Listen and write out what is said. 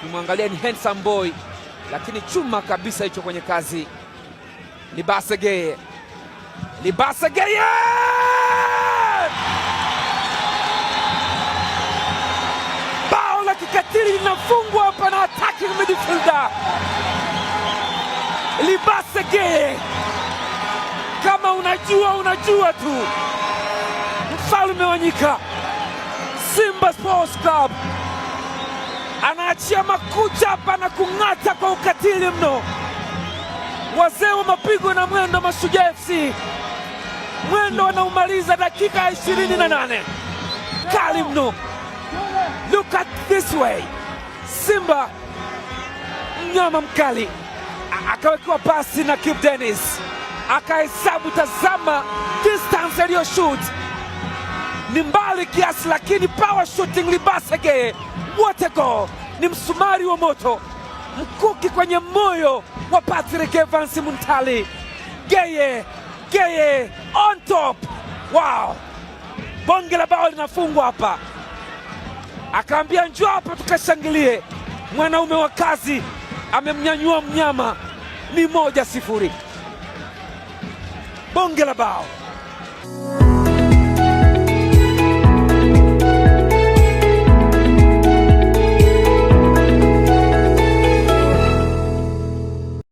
kumwangalia ni handsome boy, lakini chuma kabisa hicho kwenye kazi. Libasegeye, Libasegeye bao la kikatili linafungwa hapa na attacking midfielder Libasegeye. Kama unajua unajua tu, mfalme wa nyika Simba Sports Club ya makucha na kung'ata kwa ukatili mno. Wazee wa mapigo na mwendo Mashujaa FC, mwendo wanaumaliza dakika ya ishirini na nane kali mno. Look at this way, Simba mnyama mkali akawekewa pasi na Kip Dennis akahesabu, tazama distance aliyo shoot ni mbali kiasi, lakini power shooting libasegeye, what a goal! ni msumari wa moto, mkuki kwenye moyo wa Patrick Evans Muntali. Geye Geye on top. Wow, bonge la bao linafungwa hapa, akaambia njoo hapa tukashangilie. Mwanaume wa kazi amemnyanyua mnyama, ni moja sifuri, bonge la bao.